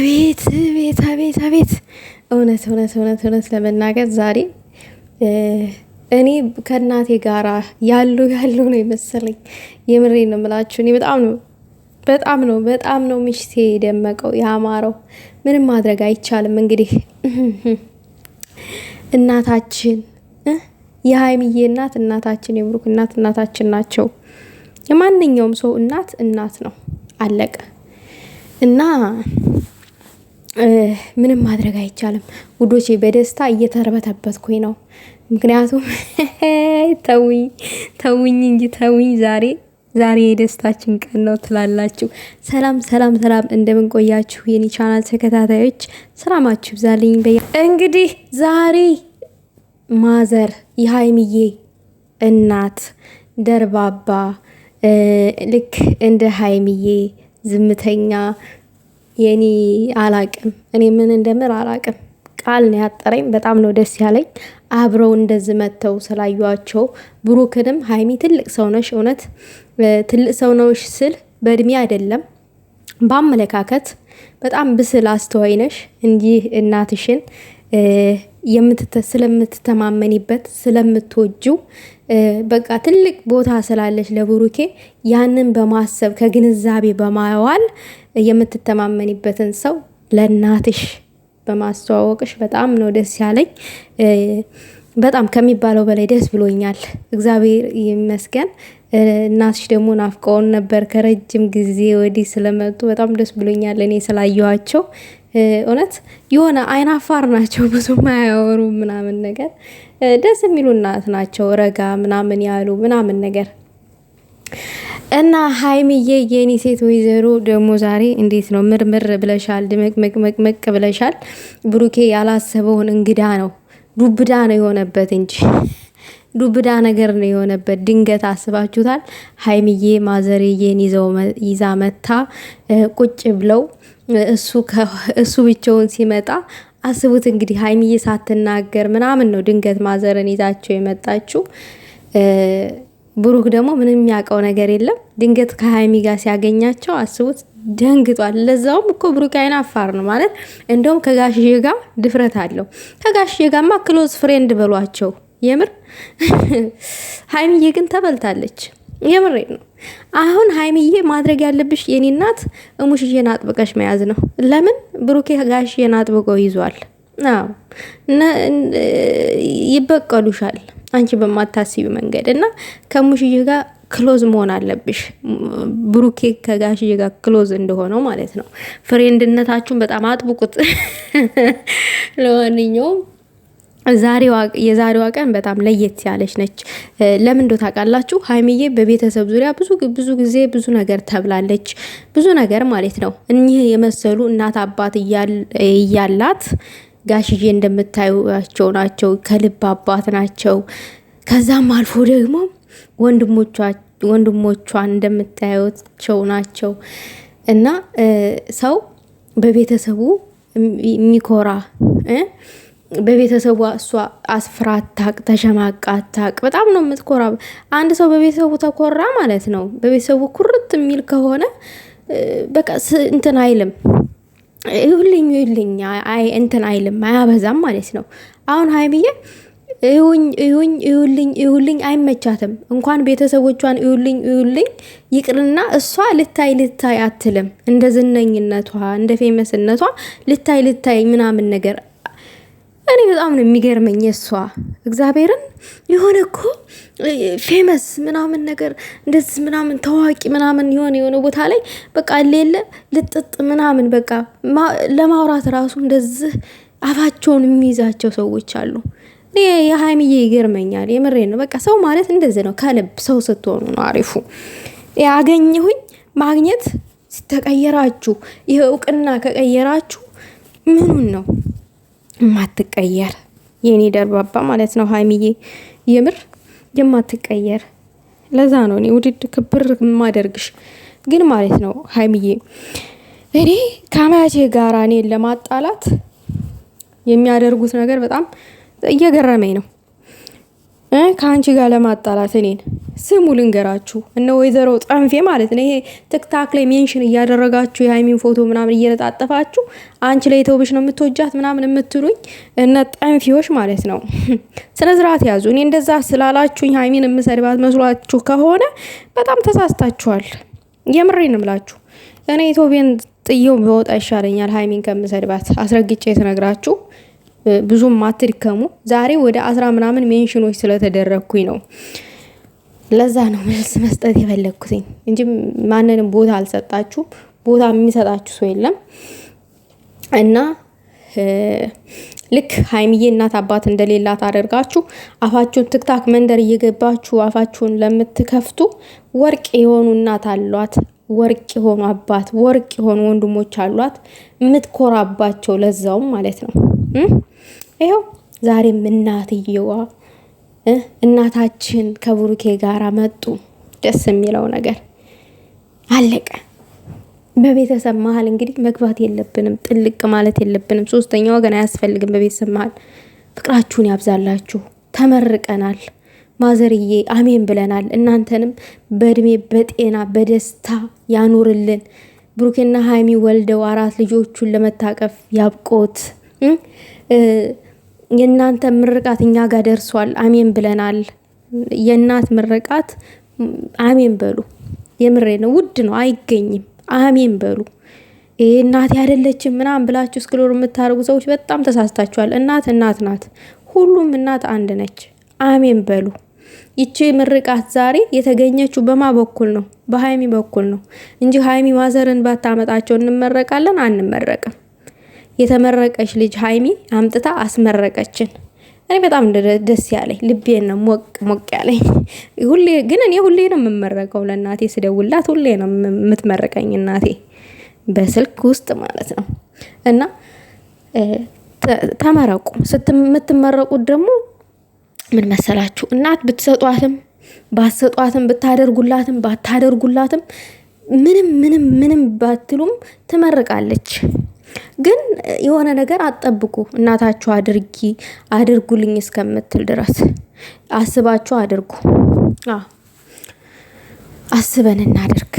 አቤት ቤት አቤት አቤት እውነት እውነት እውነት እውነት ለመናገር ዛሬ እኔ ከእናቴ ጋራ ያሉ ያሉ ነው የመሰለኝ። የምሬ ነው የምላችሁ። እኔ በጣም ነው በጣም ነው በጣም ነው ምሽቴ የደመቀው ያማረው። ምንም ማድረግ አይቻልም። እንግዲህ እናታችን የሀይምዬ እናት እናታችን፣ የብሩክ እናት እናታችን ናቸው። የማንኛውም ሰው እናት እናት ነው። አለቀ እና ምንም ማድረግ አይቻልም ውዶቼ። በደስታ እየተርበተበትኩኝ ነው። ምክንያቱም ተውኝ ተውኝ እንጂ ተውኝ ዛሬ ዛሬ የደስታችን ቀን ነው ትላላችሁ። ሰላም ሰላም ሰላም፣ እንደምንቆያችሁ የኔ ቻናል ተከታታዮች ሰላማችሁ ይብዛልኝ። እንግዲህ ዛሬ ማዘር የሀይምዬ እናት ደርባባ ልክ እንደ ሀይምዬ ዝምተኛ የኔ አላቅም እኔ ምን እንደምር አላቅም። ቃል ነው ያጠረኝ። በጣም ነው ደስ ያለኝ አብረው እንደዚህ መጥተው ስላዩቸው። ብሩክንም ሀይሚ ትልቅ ሰው ነሽ፣ እውነት ትልቅ ሰው ነሽ ስል በእድሜ አይደለም በአመለካከት በጣም ብስል አስተዋይ ነሽ። እንዲህ እናትሽን ስለምትተማመኒበት ስለምትወጁ በቃ ትልቅ ቦታ ስላለች ለብሩኬ ያንን በማሰብ ከግንዛቤ በማዋል የምትተማመኒበትን ሰው ለእናትሽ በማስተዋወቅሽ በጣም ነው ደስ ያለኝ። በጣም ከሚባለው በላይ ደስ ብሎኛል። እግዚአብሔር ይመስገን። እናትሽ ደግሞ ናፍቀውን ነበር ከረጅም ጊዜ ወዲህ ስለመጡ በጣም ደስ ብሎኛል እኔ ስላየኋቸው። እውነት የሆነ አይናፋር ናቸው፣ ብዙ ማያወሩ ምናምን ነገር ደስ የሚሉ እናት ናቸው። ረጋ ምናምን ያሉ ምናምን ነገር እና ሀይሚዬ የኔ ሴት ወይዘሮ ደግሞ ዛሬ እንዴት ነው ምርምር ብለሻል፣ ድምቅምቅምቅ ብለሻል። ብሩኬ ያላሰበውን እንግዳ ነው ዱብዳ ነው የሆነበት እንጂ ዱብዳ ነገር ነው የሆነበት። ድንገት አስባችሁታል። ሀይሚዬ ማዘርዬን ይዛ መታ ቁጭ ብለው እሱ ብቻውን ሲመጣ አስቡት እንግዲህ ሀይሚዬ ሳትናገር ምናምን ነው ድንገት ማዘርን ይዛቸው የመጣችው። ብሩክ ደግሞ ምንም የሚያውቀው ነገር የለም። ድንገት ከሀይሚ ጋር ሲያገኛቸው አስቡት ደንግጧል። ለዛውም እኮ ብሩክ አይን አፋር ነው ማለት እንደውም ከጋሽዬ ጋር ድፍረት አለው። ከጋሽዬ ጋማ ክሎዝ ፍሬንድ በሏቸው የምር። ሀይሚዬ ግን ተበልታለች፣ የምሬ ነው። አሁን ሀይሚዬ ማድረግ ያለብሽ የኔ እናት እሙሽዬን አጥብቀሽ መያዝ ነው። ለምን ብሩኬ ጋሽዬን አጥብቀው ይዟል። ይበቀሉሻል፣ አንቺ በማታስቢ መንገድ እና ከሙሽዬ ጋር ክሎዝ መሆን አለብሽ። ብሩኬ ከጋሽዬ ጋር ክሎዝ እንደሆነው ማለት ነው። ፍሬንድነታችሁን በጣም አጥብቁት። ለማንኛውም የዛሬዋ ቀን በጣም ለየት ያለች ነች። ለምን እንደው ታውቃላችሁ? ሀይሚዬ በቤተሰብ ዙሪያ ብዙ ብዙ ጊዜ ብዙ ነገር ተብላለች። ብዙ ነገር ማለት ነው። እኒህ የመሰሉ እናት አባት እያላት ጋሽዬ እንደምታዩቸው ናቸው። ከልብ አባት ናቸው። ከዛም አልፎ ደግሞ ወንድሞቿን እንደምታዩቸው ናቸው እና ሰው በቤተሰቡ የሚኮራ በቤተሰቡ እሷ አስፍራ አታቅ፣ ተሸማቃ አታቅ። በጣም ነው የምትኮራ። አንድ ሰው በቤተሰቡ ተኮራ ማለት ነው። በቤተሰቡ ኩርት የሚል ከሆነ በቃ እንትን አይልም፣ ይሁልኝ ይሁልኝ እንትን አይልም፣ አያበዛም ማለት ነው። አሁን ሀይሚዬ ይሁኝ ይሁልኝ ይሁልኝ አይመቻትም። እንኳን ቤተሰቦቿን ይሁልኝ ይሁልኝ ይቅርና እሷ ልታይ ልታይ አትልም። እንደ ዝነኝነቷ እንደ ፌመስነቷ ልታይ ልታይ ምናምን ነገር እኔ በጣም ነው የሚገርመኝ የእሷ እግዚአብሔርን የሆነ እኮ ፌመስ ምናምን ነገር እንደዚህ ምናምን ታዋቂ ምናምን የሆነ የሆነ ቦታ ላይ በቃ ሌለ ልጥጥ ምናምን በቃ ለማውራት ራሱ እንደዚህ አፋቸውን የሚይዛቸው ሰዎች አሉ። እኔ የሀይሚዬ ይገርመኛል። የምሬ ነው። በቃ ሰው ማለት እንደዚህ ነው። ከልብ ሰው ስትሆኑ ነው አሪፉ። አገኘሁኝ ማግኘት ተቀየራችሁ፣ ይህ እውቅና ከቀየራችሁ ምኑን ነው? የማትቀየር የኔ ደርባባ ማለት ነው ሀይሚዬ፣ የምር የማትቀየር ለዛ ነው እኔ ውድድ ክብር የማደርግሽ። ግን ማለት ነው ሀይሚዬ፣ እኔ ከመቼ ጋራ እኔን ለማጣላት የሚያደርጉት ነገር በጣም እየገረመኝ ነው። ከአንቺ ጋር ለማጣላት እኔን ስሙ ልንገራችሁ፣ እነ ወይዘሮ ጠንፌ ማለት ነው። ይሄ ትክታክ ላይ ሜንሽን እያደረጋችሁ የሀይሚን ፎቶ ምናምን እየለጣጠፋችሁ አንቺ ላይ የተውብሽ ነው የምትወጃት ምናምን የምትሉኝ እነ ጠንፌዎች ማለት ነው። ስነ ስርዓት ያዙ። እኔ እንደዛ ስላላችሁኝ ሀይሚን የምሰድባት መስሏችሁ ከሆነ በጣም ተሳስታችኋል። የምሬን እምላችሁ እኔ ኢትዮጵያን ጥየው በወጣ ይሻለኛል ሀይሚን ከምሰድባት። አስረግጬ የተነግራችሁ ብዙም አትድከሙ። ዛሬ ወደ አስራ ምናምን ሜንሽኖች ስለተደረግኩኝ ነው። ለዛ ነው መልስ መስጠት የፈለግኩትኝ እንጂ ማንንም ቦታ አልሰጣችሁም። ቦታ የሚሰጣችሁ ሰው የለም እና ልክ ሀይሚዬ እናት አባት እንደሌላት አደርጋችሁ አፋችሁን ትክታክ መንደር እየገባችሁ አፋችሁን ለምትከፍቱ ወርቅ የሆኑ እናት አሏት፣ ወርቅ የሆኑ አባት፣ ወርቅ የሆኑ ወንድሞች አሏት፣ የምትኮራባቸው ለዛውም ማለት ነው። ይኸው ዛሬም እናትየዋ እናታችን ከቡሩኬ ጋር መጡ። ደስ የሚለው ነገር አለቀ። በቤተሰብ መሀል እንግዲህ መግባት የለብንም፣ ጥልቅ ማለት የለብንም። ሶስተኛ ወገን አያስፈልግም። በቤተሰብ መሀል ፍቅራችሁን ያብዛላችሁ። ተመርቀናል፣ ማዘርዬ አሜን ብለናል። እናንተንም በእድሜ በጤና በደስታ ያኑርልን። ብሩኬና ሀይሚ ወልደው አራት ልጆቹን ለመታቀፍ ያብቆት። የእናንተ ምርቃት እኛ ጋር ደርሷል። አሜን ብለናል። የእናት ምርቃት አሜን በሉ። የምሬ ነው። ውድ ነው፣ አይገኝም። አሜን በሉ። ይሄ እናቴ አይደለችም ምናምን ብላችሁ እስክሎር የምታደርጉ ሰዎች በጣም ተሳስታችኋል። እናት እናት ናት። ሁሉም እናት አንድ ነች። አሜን በሉ። ይቺ ምርቃት ዛሬ የተገኘችው በማ በኩል ነው? በሀይሚ በኩል ነው እንጂ ሀይሚ ማዘርን ባታመጣቸው እንመረቃለን አንመረቅም። የተመረቀች ልጅ ሀይሚ አምጥታ አስመረቀችን። እኔ በጣም ደስ ያለኝ ልቤን ነው ሞቅ ሞቅ ያለኝ። ሁሌ ግን እኔ ሁሌ ነው የምመረቀው። ለእናቴ ስደውላት ሁሌ ነው የምትመረቀኝ እናቴ በስልክ ውስጥ ማለት ነው። እና ተመረቁ። የምትመረቁት ደግሞ ምን መሰላችሁ እናት ብትሰጧትም ባትሰጧትም ብታደርጉላትም ባታደርጉላትም ምንም ምንም ምንም ባትሉም ትመርቃለች። ግን የሆነ ነገር አጠብቁ እናታችሁ አድርጊ አድርጉልኝ እስከምትል ድረስ አስባችሁ አድርጉ። አስበን እናድርግ።